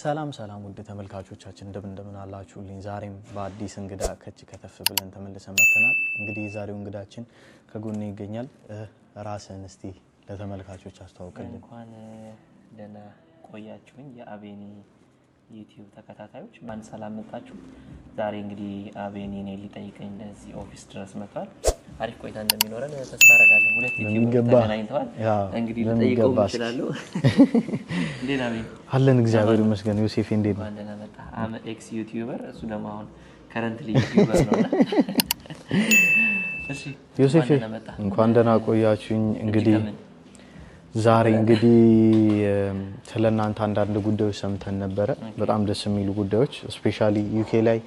ሰላም ሰላም ውድ ተመልካቾቻችን እንደምን እንደምን አላችሁልኝ። ዛሬም በአዲስ እንግዳ ከች ከተፍ ብለን ተመልሰን መጥተናል። እንግዲህ የዛሬው እንግዳችን ከጎን ይገኛል። ራስን እስቲ ለተመልካቾች አስተዋውቅልን። እንኳን ደህና ቆያችሁኝ። የአቤኔ ዩቲዩብ ተከታታዮች ማን ሰላም መጣችሁ። ዛሬ እንግዲህ አቤን ኔ ሊጠይቀኝ እዚህ ኦፊስ ድረስ መጥቷል። አሪፍ ቆይታ እንደሚኖረን ተስፋ አደርጋለሁ። ሁለት ዩቲዩብ ተገናኝተዋል። እንግዲህ ልጠይቀው ይችላሉ። እንዴት አቤን? አለን እግዚአብሔር ይመስገን። ዮሴፍ እንዴት ነው? አንደና መጣ አመ ኤክስ ዩቲዩበር እሱ ደግሞ አሁን ከረንትሊ ዩቲዩበር ነው። ዮሴፍ እንኳን ደህና ቆያችሁኝ እንግዲህ ዛሬ እንግዲህ ስለ እናንተ አንዳንድ ጉዳዮች ሰምተን ነበረ። በጣም ደስ የሚሉ ጉዳዮች እስፔሻሊ ዩኬ ላይ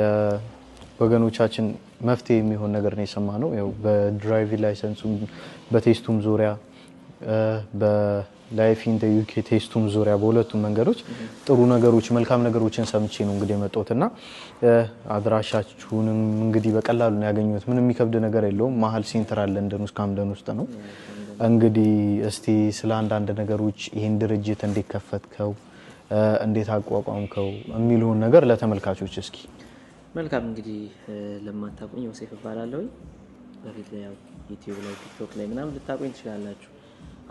ለወገኖቻችን መፍትሄ የሚሆን ነገር ነው የሰማ ነው። ያው በድራይቪንግ ላይሰንሱም በቴስቱም ዙሪያ በላይፍ ኢን ዩኬ ቴስቱም ዙሪያ በሁለቱም መንገዶች ጥሩ ነገሮች መልካም ነገሮችን ሰምቼ ነው እንግዲህ የመጣሁት እና አድራሻችሁንም እንግዲህ በቀላሉ ነው ያገኘሁት። ምንም የሚከብድ ነገር የለውም። መሀል ሴንትራል ለንደን ውስጥ ካምደን ውስጥ ነው እንግዲህ እስቲ ስለ አንዳንድ ነገሮች ይህን ድርጅት እንዴት ከፈትከው፣ እንዴት አቋቋምከው የሚልሆን ነገር ለተመልካቾች እስኪ። መልካም እንግዲህ ለማታቆኝ ዮሴፍ እባላለሁ። በፊት ላይ ዩቲዩብ ላይ ቲክቶክ ላይ ምናምን ልታቆኝ ትችላላችሁ።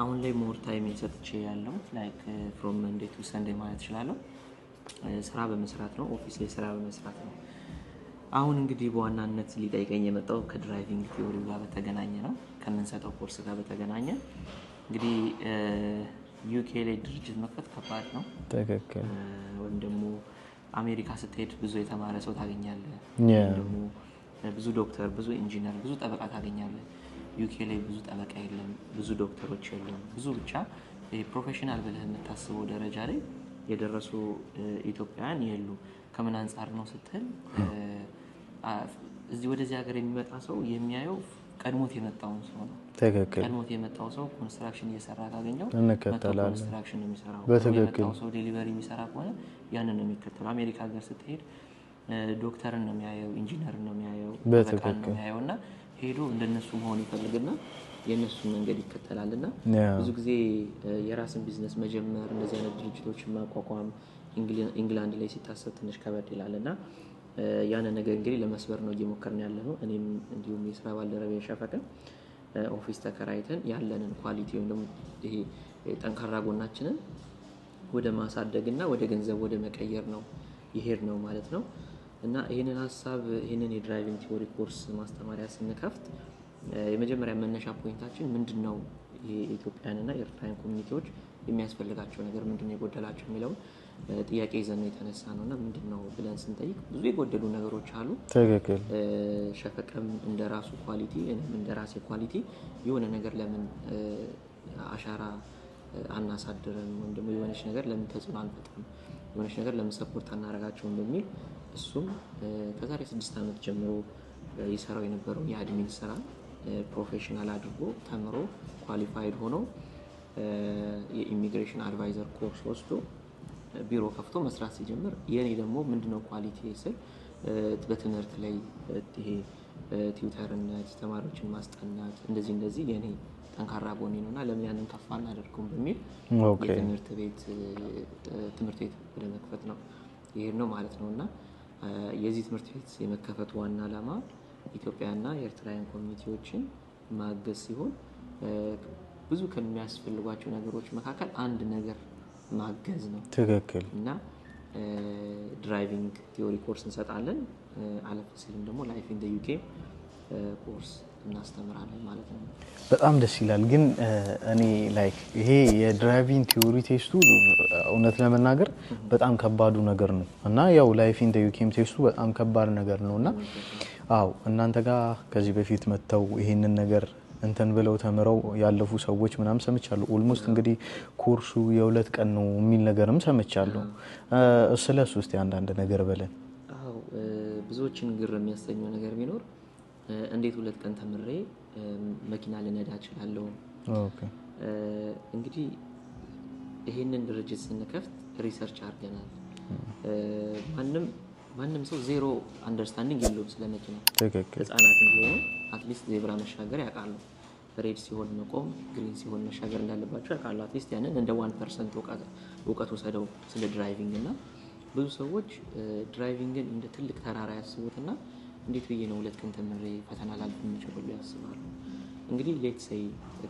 አሁን ላይ ሞር ታይም ሰጥቼ ያለው ላይክ ፍሮም መንዴ ቱ ሰንዴ ማለት እችላለሁ። ስራ በመስራት ነው። ኦፊስ ላይ ስራ በመስራት ነው አሁን እንግዲህ በዋናነት ሊጠይቀኝ የመጣው ከድራይቪንግ ቲዎሪ ጋር በተገናኘ ነው፣ ከምንሰጠው ኮርስ ጋር በተገናኘ እንግዲህ ዩኬ ላይ ድርጅት መክፈት ከባድ ነው። ትክክል። ወይም ደግሞ አሜሪካ ስትሄድ ብዙ የተማረ ሰው ታገኛለህ፣ ደግሞ ብዙ ዶክተር፣ ብዙ ኢንጂነር፣ ብዙ ጠበቃ ታገኛለህ። ዩኬ ላይ ብዙ ጠበቃ የለም፣ ብዙ ዶክተሮች የለም። ብዙ ብቻ ፕሮፌሽናል ብለህ የምታስበው ደረጃ ላይ የደረሱ ኢትዮጵያውያን የሉ። ከምን አንጻር ነው ስትል እዚህ ወደዚህ ሀገር የሚመጣ ሰው የሚያየው ቀድሞት የመጣውን ሰው ነው። ትክክል። ቀድሞት የመጣው ሰው ኮንስትራክሽን እየሰራ ካገኘው እንከተላለን። ኮንስትራክሽን የሚሰራ ሰው ዴሊቨሪ የሚሰራ ከሆነ ያንን ነው የሚከተለው። አሜሪካ ሀገር ስትሄድ ዶክተርን ነው የሚያየው፣ ኢንጂነርን ነው የሚያየው፣ ነው የሚያየው እና ሄዶ እንደነሱ መሆን ይፈልግና የእነሱን መንገድ ይከተላል እና ብዙ ጊዜ የራስን ቢዝነስ መጀመር እንደዚህ አይነት ድርጅቶችን ማቋቋም ኢንግላንድ ላይ ሲታሰብ ትንሽ ከበድ ይላል እና ያንን ነገር እንግዲህ ለመስበር ነው እየሞከርን ያለ ነው። እኔም እንዲሁም የስራ ባልደረቤ ሸፈቅን ኦፊስ ተከራይተን ያለንን ኳሊቲ ወይም ደግሞ ይሄ ጠንካራ ጎናችንን ወደ ማሳደግና ወደ ገንዘብ ወደ መቀየር ነው ይሄድ ነው ማለት ነው። እና ይህንን ሀሳብ ይህንን የድራይቪንግ ቲዎሪ ኮርስ ማስተማሪያ ስንከፍት የመጀመሪያ መነሻ ፖይንታችን ምንድን ነው የኢትዮጵያንና የኤርትራን ኮሚኒቲዎች የሚያስፈልጋቸው ነገር ምንድን ነው የጎደላቸው የሚለውን ጥያቄ ይዘን የተነሳ ነው እና ምንድን ነው ብለን ስንጠይቅ ብዙ የጎደሉ ነገሮች አሉ። ትክክል። ሸፈቀም እንደ ራሱ ኳሊቲ፣ እኔም እንደ ራሴ ኳሊቲ የሆነ ነገር ለምን አሻራ አናሳድርም ወይም ደግሞ የሆነች ነገር ለምን ተጽዕኖ አንፈጥርም፣ የሆነች ነገር ለምን ሰፖርት አናደርጋቸውም በሚል እሱም ከዛሬ ስድስት ዓመት ጀምሮ ይሰራው የነበረው የአድሚን ስራ ፕሮፌሽናል አድርጎ ተምሮ ኳሊፋይድ ሆኖ የኢሚግሬሽን አድቫይዘር ኮርስ ወስዶ ቢሮ ከፍቶ መስራት ሲጀምር የኔ ደግሞ ምንድነው ኳሊቲ ስል በትምህርት ላይ ይሄ ቲዩተርነት፣ ተማሪዎችን ማስጠናት እንደዚህ እንደዚህ የኔ ጠንካራ ጎኔ ነው እና ለምን ያንን ከፍ አናደርገውም በሚል የትምህርት ቤት ትምህርት ቤት ወደ መክፈት ነው ይሄድ ነው ማለት ነው እና የዚህ ትምህርት ቤት የመከፈቱ ዋና ዓላማ ኢትዮጵያና የኤርትራውያን ኮሚኒቲዎችን ማገዝ ሲሆን ብዙ ከሚያስፈልጓቸው ነገሮች መካከል አንድ ነገር ማገዝ ነው። ትክክል እና ድራይቪንግ ቲዮሪ ኮርስ እንሰጣለን። አለፍ ሲልም ደግሞ ላይፍ ኢን ዩኬ ኮርስ እናስተምራለን ማለት ነው። በጣም ደስ ይላል። ግን እኔ ላይክ ይሄ የድራይቪንግ ቲዮሪ ቴስቱ እውነት ለመናገር በጣም ከባዱ ነገር ነው እና ያው ላይፍ ኢን ዩኬም ቴስቱ በጣም ከባድ ነገር ነው እና አው እናንተ ጋር ከዚህ በፊት መጥተው ይሄንን ነገር እንትን ብለው ተምረው ያለፉ ሰዎች ምናምን ሰምቻለሁ። ኦልሞስት እንግዲህ ኮርሱ የሁለት ቀን ነው የሚል ነገርም ሰምቻለሁ። ስለ ሶስት አንዳንድ ነገር በለን። አዎ ብዙዎችን ግር የሚያሰኘው ነገር ቢኖር እንዴት ሁለት ቀን ተምሬ መኪና ልነዳ እችላለሁ? እንግዲህ ይህንን ድርጅት ስንከፍት ሪሰርች አድርገናል። ማንም ማንም ሰው ዜሮ አንደርስታንዲንግ የለውም ስለ መኪና። ህጻናት እንዲሆኑ አትሊስት ዜብራ መሻገር ያውቃሉ። ሬድ ሲሆን መቆም፣ ግሪን ሲሆን መሻገር እንዳለባቸው ያውቃሉ። አትሊስት ያንን እንደ ዋን ፐርሰንት እውቀት ወሰደው ስለ ድራይቪንግ እና ብዙ ሰዎች ድራይቪንግን እንደ ትልቅ ተራራ ያስቡትና እንዴት ብዬ ነው ሁለት ቀን ተምሬ ፈተና ላልፍ ብሎ ያስባሉ። እንግዲህ ሌት ሰይ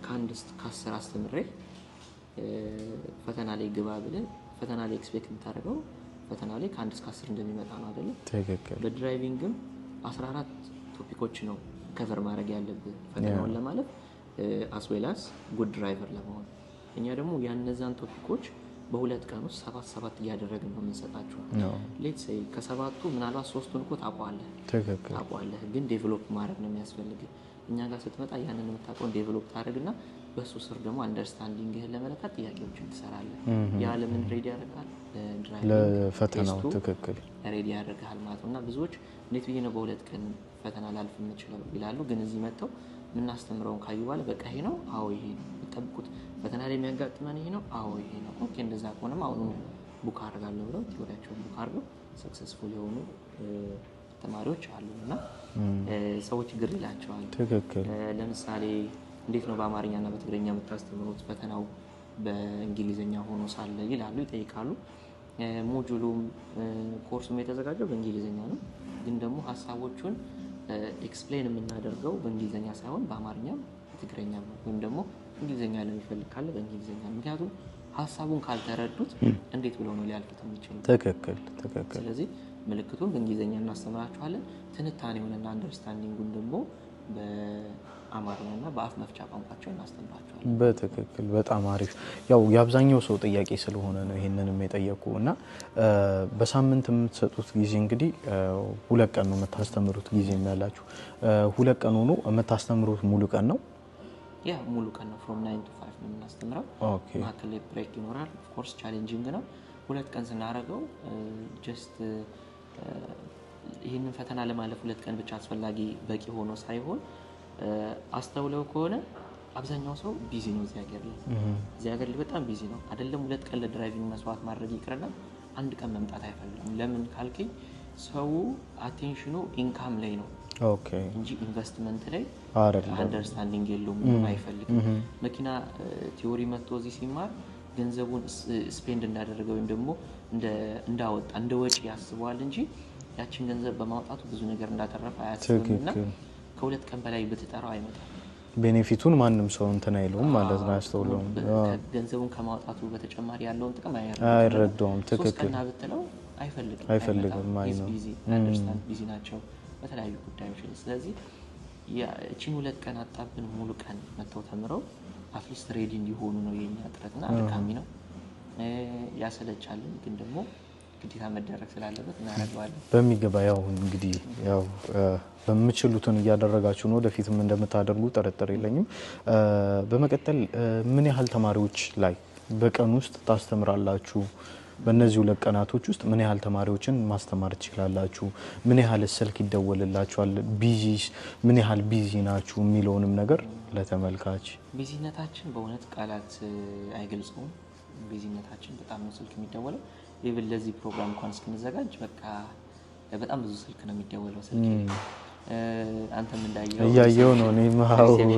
ከአንድ ከአስር አስተምሬ ፈተና ላይ ግባ ብለን ፈተና ላይ ኤክስፔክት የምታደርገው ፈተና ላይ ከአንድ እስከ አስር እንደሚመጣ ነው አይደለም? ትክክል። በድራይቪንግም 14 ቶፒኮች ነው ከቨር ማድረግ ያለብን ፈተናውን ለማለፍ አስዌላስ ጉድ ድራይቨር ለመሆን። እኛ ደግሞ ያነዛን ቶፒኮች በሁለት ቀን ውስጥ ሰባት ሰባት እያደረግን ነው የምንሰጣቸው። ሌት ሰይ ከሰባቱ ምናልባት ሶስቱን እኮ ታውቀዋለህ ታውቀዋለህ፣ ግን ዴቨሎፕ ማድረግ ነው የሚያስፈልግ። እኛ ጋር ስትመጣ ያንን የምታውቀውን ዴቨሎፕ ታደርግና በእሱ ስር ደግሞ አንደርስታንዲንግህን ለመለካት ጥያቄዎችን ትሰራለህ። የዓለምን ሬዲ ያደርጋል፣ ለፈተናው ትክክል ሬዲ ያደርግሃል ማለት ነው። እና ብዙዎች እንዴት ብዬ ነው በሁለት ቀን ፈተና ላልፍ የምችለው ይላሉ፣ ግን እዚህ መጥተው የምናስተምረውን ካዩ በኋላ በቃ ይሄ ነው፣ አዎ ይሄ ነው፣ የሚጠብቁት ፈተና የሚያጋጥመን ይሄ ነው፣ አዎ ይሄ ነው። ኦኬ እንደዛ ከሆነም አሁኑ ቡክ አድርጋለሁ ብለው ቲዎሪያቸውን ቡክ አድርገው ሰክሰስፉል የሆኑ ተማሪዎች አሉ እና ሰዎች ግር ይላቸዋል። ለምሳሌ እንዴት ነው በአማርኛና በትግረኛ የምታስተምሩት ፈተናው በእንግሊዝኛ ሆኖ ሳለ ይላሉ፣ ይጠይቃሉ። ሞጁሉም ኮርሱም የተዘጋጀው በእንግሊዝኛ ነው፣ ግን ደግሞ ሀሳቦቹን ኤክስፕሌን የምናደርገው በእንግሊዝኛ ሳይሆን በአማርኛ ትግረኛ ወይም ደግሞ እንግሊዝኛ ለሚፈልግ ካለ በእንግሊዝኛ ምክንያቱም ሀሳቡን ካልተረዱት እንዴት ብለው ነው ሊያልፉት የሚችሉ? ትክክል ትክክል። ስለዚህ ምልክቱን በእንግሊዝኛ እናስተምራችኋለን። ትንታኔውንና አንደርስታንዲንጉን ደግሞ በአማርኛና በአፍ መፍቻ ቋንቋቸው እናስተምራቸዋለን። በትክክል በጣም አሪፍ። ያው የአብዛኛው ሰው ጥያቄ ስለሆነ ነው ይህንንም የጠየቁ እና በሳምንት የምትሰጡት ጊዜ እንግዲህ ሁለት ቀን ነው የምታስተምሩት ጊዜ የሚያላችሁ ሁለት ቀን ሆኖ የምታስተምሩት ሙሉ ቀን ነው ያ ሙሉ ቀን ነው። ፍሮም ናይን ቱ ፋይቭ ነው የምናስተምረው። መካከል ላይ ብሬክ ይኖራል። ኦፍኮርስ ቻሌንጂንግ ነው። ሁለት ቀን ስናደርገው ጀስት ይህንን ፈተና ለማለፍ ሁለት ቀን ብቻ አስፈላጊ በቂ ሆኖ ሳይሆን አስተውለው ከሆነ አብዛኛው ሰው ቢዚ ነው እዚህ ሀገር ላይ እዚህ ሀገር ላይ በጣም ቢዚ ነው አይደለም። ሁለት ቀን ለድራይቪንግ መስዋዕት ማድረግ ይቅርና አንድ ቀን መምጣት አይፈልግም። ለምን ካልከኝ ሰው አቴንሽኑ ኢንካም ላይ ነው እንጂ ኢንቨስትመንት ላይ አንደርስታንዲንግ የለውም፣ አይፈልግም። መኪና ቲዎሪ መጥቶ እዚህ ሲማር ገንዘቡን ስፔንድ እንዳደረገ ወይም ደግሞ እንዳወጣ እንደ ወጪ ያስበዋል እንጂ ያችን ገንዘብ በማውጣቱ ብዙ ነገር እንዳተረፈ አያስብምና ከሁለት ቀን በላይ ብትጠራው አይመጣም። ቤኔፊቱን ማንም ሰው እንትን አይለውም ማለት ነው፣ አያስተውለውም። ገንዘቡን ከማውጣቱ በተጨማሪ ያለውን ጥቅም አይረዳውም። ትክክል ብትለው አይፈልግም፣ አይፈልግም። አይ ነው ቢዚ ናቸው በተለያዩ ጉዳዮች። ስለዚህ እቺን ሁለት ቀን አጣብን ሙሉ ቀን መጥተው ተምረው አትሊስት ሬዲ እንዲሆኑ ነው የኛ ጥረት። ና አድካሚ ነው፣ ያሰለቻልን ግን ደግሞ ግዴታ መደረግ ስላለበት እናደርገዋለን በሚገባ። ያው እንግዲህ ያው በምችሉትን እያደረጋችሁ ነው፣ ወደፊትም እንደምታደርጉ ጥርጥር የለኝም። በመቀጠል ምን ያህል ተማሪዎች ላይ በቀን ውስጥ ታስተምራላችሁ? በእነዚህ ሁለት ቀናቶች ውስጥ ምን ያህል ተማሪዎችን ማስተማር ትችላላችሁ? ምን ያህል ስልክ ይደወልላችኋል? ቢዚ ምን ያህል ቢዚ ናችሁ የሚለውንም ነገር ለተመልካች። ቢዚነታችን በእውነት ቃላት አይገልጸውም። ቢዚነታችን በጣም ነው ስልክ የሚደወለው ኢቭን ለዚህ ፕሮግራም እንኳን እስክንዘጋጅ በቃ በጣም ብዙ ስልክ ነው የሚደወለው። ስልክ አንተም እንዳየኸው እያየሁ ነው። እኔ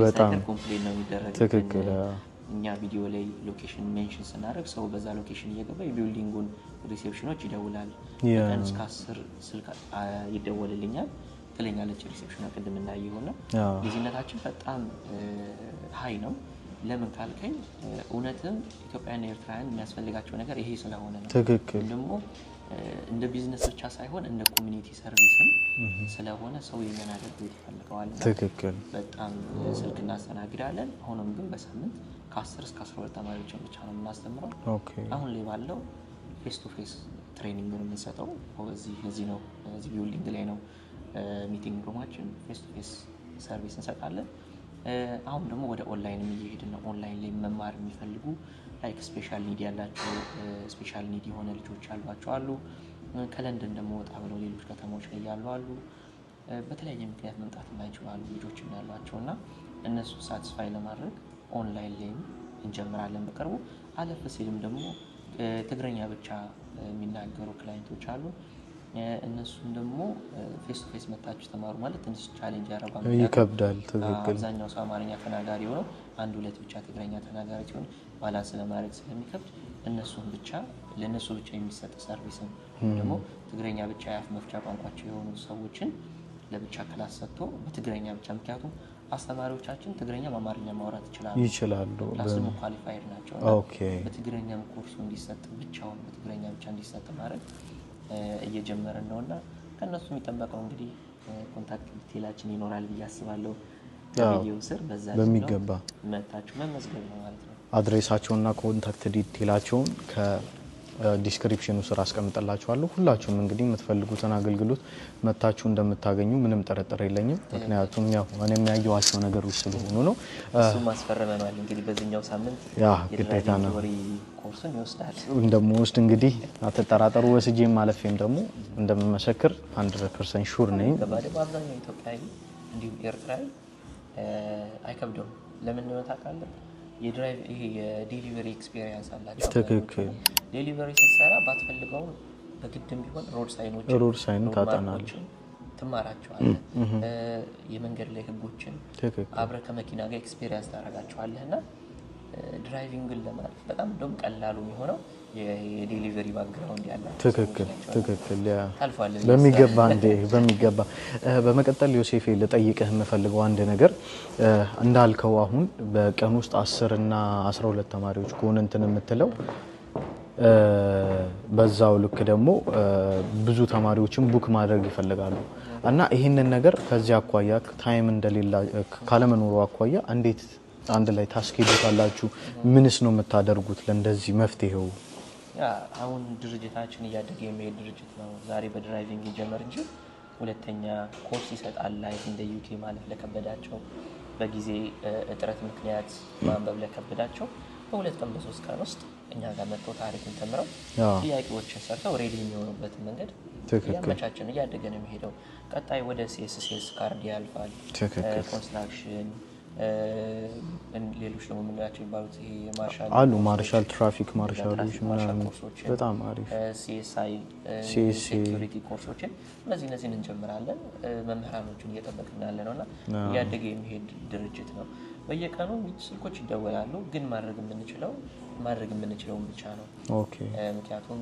በጣም ኮምፕሌን ነው የሚደረግ። ትክክል። እኛ ቪዲዮ ላይ ሎኬሽን ሜንሽን ስናደርግ ሰው በዛ ሎኬሽን እየገባ የቢልዲንጉን ሪሴፕሽኖች ይደውላል። እስከ አስር ስልክ ይደወልልኛል ትለኛለች ሪሴፕሽን ቅድም እናየሆነ ነው ልዩነታችን በጣም ሀይ ነው። ለምን ካልከኝ እውነትም ኢትዮጵያና ኤርትራውያን የሚያስፈልጋቸው ነገር ይሄ ስለሆነ ነው። ትክክል ደግሞ እንደ ቢዝነስ ብቻ ሳይሆን እንደ ኮሚኒቲ ሰርቪስም ስለሆነ ሰው የመናደር ቤት ይፈልገዋል። ትክክል በጣም ስልክ እናስተናግዳለን። ሆኖም ግን በሳምንት ከ10 እስከ 12 ተማሪዎችን ብቻ ነው የምናስተምረው። አሁን ላይ ባለው ፌስ ቱ ፌስ ትሬኒንግ የምንሰጠው እዚህ ነው፣ እዚህ ቢውልዲንግ ላይ ነው። ሚቲንግ ሩማችን ፌስ ቱ ፌስ ሰርቪስ እንሰጣለን። አሁን ደግሞ ወደ ኦንላይን እየሄድን ነው። ኦንላይን ላይ መማር የሚፈልጉ ላይክ ስፔሻል ኒድ ያላቸው ስፔሻል ኒድ የሆነ ልጆች ያሏቸው አሉ። ከለንደን ደግሞ ወጣ ብለው ሌሎች ከተሞች ላይ ያሉ አሉ። በተለያየ ምክንያት መምጣት የማይችሉ ልጆች ያሏቸው እና እነሱ ሳትስፋይ ለማድረግ ኦንላይን ላይም እንጀምራለን በቅርቡ። አለፍ ሲልም ደግሞ ትግረኛ ብቻ የሚናገሩ ክላይንቶች አሉ። እነሱም ደግሞ ፌስ ቱ ፌስ መታችሁ ተማሩ ማለት ትንሽ ቻሌንጅ ያደርጋል፣ ይከብዳል። ትክክል። አብዛኛው ሰው አማርኛ ተናጋሪ ሆነው አንድ ሁለት ብቻ ትግረኛ ተናጋሪ ሲሆን ባላንስ ለማድረግ ስለሚከብድ እነሱም ብቻ ለእነሱ ብቻ የሚሰጥ ሰርቪስ ደግሞ ትግረኛ ብቻ የአፍ መፍቻ ቋንቋቸው የሆኑ ሰዎችን ለብቻ ክላስ ሰጥቶ በትግረኛ ብቻ ምክንያቱም አስተማሪዎቻችን ትግረኛ በአማርኛ ማውራት ይችላሉ ይችላሉ። ፕላስሞ ኳሊፋይድ ናቸው። በትግረኛም ኮርሱ እንዲሰጥ ብቻውን በትግረኛ ብቻ እንዲሰጥ ማድረግ እየጀመረን ነው እና ከእነሱ የሚጠበቀው እንግዲህ ኮንታክት ዲቴላችን ይኖራል ብዬ አስባለሁ። ቪዲዮ ስር በዛ በሚገባ መታችሁ መመዝገብ ነው ማለት ነው። አድሬሳቸውና ኮንታክት ዲቴላቸውን ዲስክሪፕሽኑ ስር አስቀምጠላችኋለሁ። ሁላችሁም እንግዲህ የምትፈልጉትን አገልግሎት መታችሁ እንደምታገኙ ምንም ጥርጥር የለኝም። ምክንያቱም ያው እኔ የሚያየዋቸው ነገሮች ስለሆኑ ነው። እሱም አስፈርመናል እንግዲህ በዚህኛው ሳምንት ግዴታ ነው ኮርሱን ይወስዳል። እንደምወስድ እንግዲህ አትጠራጠሩ። ወስጄ ማለፌም ደግሞ እንደምመሰክር 100 ፐርሰንት ሹር ነኝ። አብዛኛው ኢትዮጵያዊ እንዲሁም ኤርትራዊ አይከብደውም። ለምን ታውቃለህ? የድራይቭ ይሄ የዴሊቨሪ ኤክስፔሪየንስ አላቸው። ትክክል። ዴሊቨሪ ስትሰራ ባትፈልገውም በግድም ቢሆን ሮድ ሳይኖች ሮድ ሳይን ታጠናለች፣ ትማራቸዋለህ። የመንገድ ላይ ህጎችን አብረህ ከመኪና ጋር ኤክስፔሪንስ ታደርጋቸዋለህ እና ድራይቪንግን ለማለት በጣም እንደውም ቀላሉ የሚሆነው የዴሊቨሪ ባክግራውንድ ያለ ትክክል ትክክል በሚገባ እንዴ በሚገባ በመቀጠል ዮሴፌ ልጠይቅህ የምፈልገው አንድ ነገር እንዳልከው አሁን በቀን ውስጥ አስር እና አስራ ሁለት ተማሪዎች ከሆነ እንትን የምትለው በዛው ልክ ደግሞ ብዙ ተማሪዎችን ቡክ ማድረግ ይፈልጋሉ እና ይህንን ነገር ከዚህ አኳያ ታይም እንደሌላ ካለመኖሩ አኳያ እንዴት አንድ ላይ ታስኬዱታላችሁ? ምንስ ነው የምታደርጉት ለእንደዚህ መፍትሄው? አሁን ድርጅታችን እያደገ የሚሄድ ድርጅት ነው። ዛሬ በድራይቪንግ ይጀመር እንጂ ሁለተኛ ኮርስ ይሰጣል። ላይፍ እንደ ዩኬ ማለፍ ለከበዳቸው፣ በጊዜ እጥረት ምክንያት ማንበብ ለከበዳቸው በሁለት ቀን በሶስት ቀን ውስጥ እኛ ጋር መጥተው ታሪክን ተምረው ጥያቄዎችን ሰርተው ሬዲ የሚሆኑበትን መንገድ እያመቻችን እያደገ ነው የሚሄደው። ቀጣይ ወደ ሴስ ሴስ ካርድ ያልፋል። ኮንስትራክሽን ሌሎች ደግሞ የምንላቸው የሚባሉት ይሄ ማርሻል አሉ ማርሻል ትራፊክ ማርሻሎች ምናምን በጣም አሪፍ ሲኤስአይ ሴኩሪቲ ኮርሶችን እነዚህ እነዚህን እንጀምራለን። መምህራኖቹን እየጠበቅን ያለ ነው እና እያደገ የሚሄድ ድርጅት ነው። በየቀኑ ስልኮች ይደወላሉ፣ ግን ማድረግ የምንችለው ማድረግ የምንችለውን ብቻ ነው። ምክንያቱም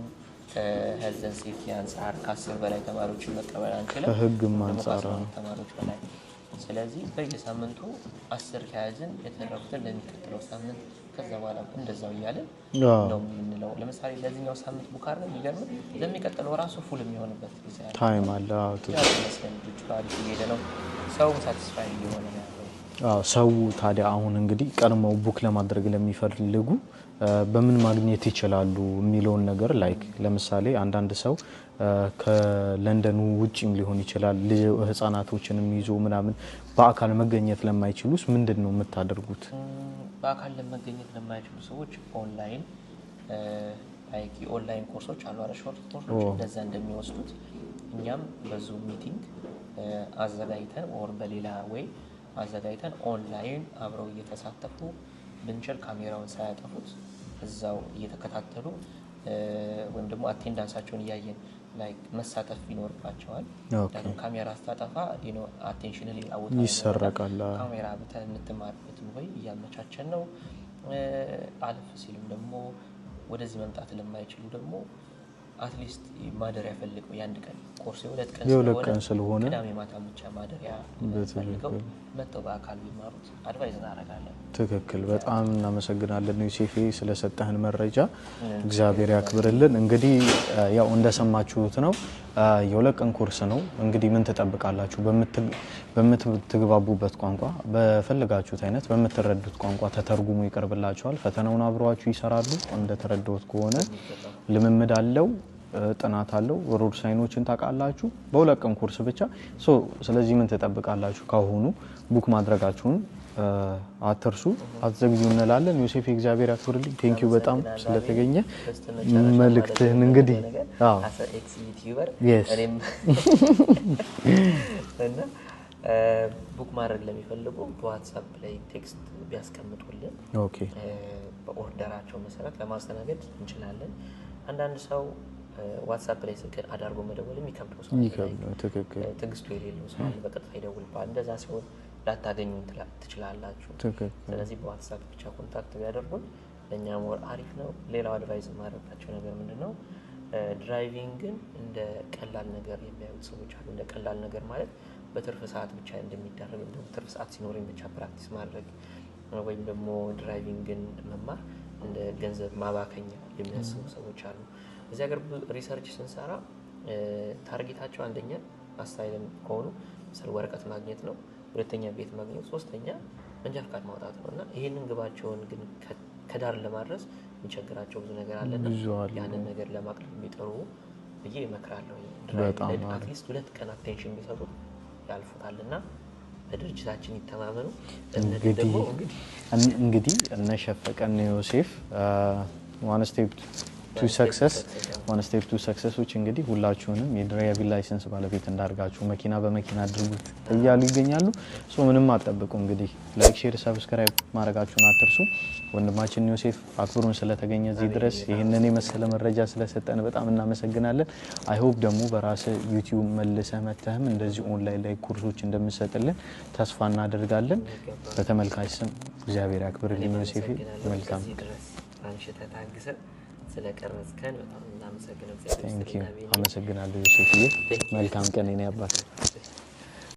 ከሄልዝ ሴፍቲ አንጻር ከአስር በላይ ተማሪዎችን መቀበል አንችልም። ከህግም አንጻር ተማሪዎች በላይ ስለዚህ በየሳምንቱ አስር ከያዝን የተረፉትን ለሚቀጥለው ሳምንት ከዛ በኋላ እንደዛው እያለን ነው የምንለው። ለምሳሌ ለዚኛው ሳምንት ቡካር ነው የሚገርም ለሚቀጥለው ራሱ ፉል የሚሆንበት ታይም አለ ነው፣ ሰው ሳቲስፋይ እየሆነ ነው ያለው ሰው። ታዲያ አሁን እንግዲህ ቀድሞው ቡክ ለማድረግ ለሚፈልጉ በምን ማግኘት ይችላሉ የሚለውን ነገር ላይክ ለምሳሌ አንዳንድ ሰው ከለንደኑ ውጭም ሊሆን ይችላል ህጻናቶችንም ይዞ ምናምን በአካል መገኘት ለማይችሉስ ምንድን ነው የምታደርጉት? በአካል ለመገኘት ለማይችሉ ሰዎች ኦንላይን የኦንላይን ኮርሶች አሉ አይደል? ሾርት ኮርሶች እንደዛ እንደሚወስዱት እኛም በዙ ሚቲንግ አዘጋጅተን ወር በሌላ ወይ አዘጋጅተን ኦንላይን አብረው እየተሳተፉ ብንችል ካሜራውን ሳያጠፉት እዛው እየተከታተሉ ወይም ደግሞ አቴንዳንሳቸውን እያየን መሳተፍ ይኖርባቸዋል። ምክንያቱም ካሜራ ስታጠፋ አቴንሽን ሌላ ይሰረቃል። ካሜራ ብተህ የምትማርበትን ወይ እያመቻቸን ነው። አለፍ ሲልም ደግሞ ወደዚህ መምጣት ለማይችሉ ደግሞ አትሊስት ማደሪያ ፈልገው የአንድ ቀን ኮርስ የሁለት ቀን ስለሆነ ስለሆነ ቅዳሜ ማታ ብቻ ማደሪያ ፈልገው መጥተው በአካል ቢማሩት አድቫይዝ እናደርጋለን። ትክክል። በጣም እናመሰግናለን ዩሴፌ ስለሰጠህን መረጃ እግዚአብሔር ያክብርልን። እንግዲህ ያው እንደሰማችሁት ነው የሁለት ቀን ኮርስ ነው። እንግዲህ ምን ትጠብቃላችሁ? በምትግባቡበት ቋንቋ፣ በፈለጋችሁት አይነት በምትረዱት ቋንቋ ተተርጉሞ ይቀርብላችኋል። ፈተናውን አብረዋችሁ ይሰራሉ። እንደተረዳሁት ከሆነ ልምምድ አለው ጥናት አለው። ሮድ ሳይኖችን ታውቃላችሁ በሁለት ቀን ኮርስ ብቻ። ስለዚህ ምን ትጠብቃላችሁ? ካሁኑ ቡክ ማድረጋችሁን አትርሱ፣ አትዘግዩ እንላለን። ዮሴፍ እግዚአብሔር ያክብርልኝ። ዩ በጣም ስለተገኘ መልእክትህን እንግዲህ ቡክ ማድረግ ለሚፈልጉ በዋትሳፕ ላይ ቴክስት ቢያስቀምጡልን በኦርደራቸው መሰረት ለማስተናገድ እንችላለን። አንዳንድ ሰው ዋትሳፕ ላይ ስልክ አዳርጎ መደወል የሚከብደው ሰው ትግስቱ የሌለው ሰው በቀጥታ ይደውልባል። እንደዛ ሲሆን ላታገኙ ትችላላችሁ። ስለዚህ በዋትሳፕ ብቻ ኮንታክት ቢያደርጉን ለእኛ ሞር አሪፍ ነው። ሌላው አድቫይዝ የማደርጋቸው ነገር ምንድን ነው፣ ድራይቪንግን እንደ ቀላል ነገር የሚያዩት ሰዎች አሉ። እንደ ቀላል ነገር ማለት በትርፍ ሰዓት ብቻ እንደሚደረግ ወይም ትርፍ ሰዓት ሲኖረኝ ብቻ ፕራክቲስ ማድረግ ወይም ደግሞ ድራይቪንግን መማር እንደ ገንዘብ ማባከኛ የሚያስቡ ሰዎች አሉ። እዚህ ሀገር ሪሰርች ስንሰራ ታርጌታቸው አንደኛ አስታይለን ከሆኑ ምስል ወረቀት ማግኘት ነው ሁለተኛ ቤት ማግኘት፣ ሶስተኛ መንጃ ፍቃድ ማውጣት ነው እና ይህንን ግባቸውን ግን ከዳር ለማድረስ የሚቸግራቸው ብዙ ነገር አለና ያንን ነገር ለማቅረብ የሚጠሩ ብዬ እመክራለሁ። አትሊስት ሁለት ቀን አቴንሽን ቢሰጡ ያልፉታል እና በድርጅታችን ይተማመኑ። እንግዲህ እነ ሸፈቀ እነ ዮሴፍ ዋንስቴፕ uh, ቱ ሰክሰስ ዋን ስቴፕ ቱ ሰክሰሶች እንግዲህ ሁላችሁንም የድራይቪንግ ላይሰንስ ባለቤት እንዳርጋችሁ መኪና በመኪና አድርጉት እያሉ ይገኛሉ። ሶ ምንም አጠብቁ እንግዲህ ላይክ፣ ሼር፣ ሰብስክራይብ ማድረጋችሁን አትርሱ። ወንድማችን ዮሴፍ አክብሩን ስለተገኘ እዚህ ድረስ ይህንን የመሰለ መረጃ ስለሰጠን በጣም እናመሰግናለን። አይሆፕ ደግሞ በራስ ዩቲዩብ መልሰ መተህም እንደዚህ ኦንላይን ላይ ኮርሶች እንደምሰጥልን ተስፋ እናደርጋለን። በተመልካች ስም እግዚአብሔር ያክብርልኝ ዮሴፌ መልካም ስለቀረጽከን በጣም እናመሰግን። እግዚአብሔር አመሰግናለሁ። ሴትዬ መልካም ቀን ኔ አባት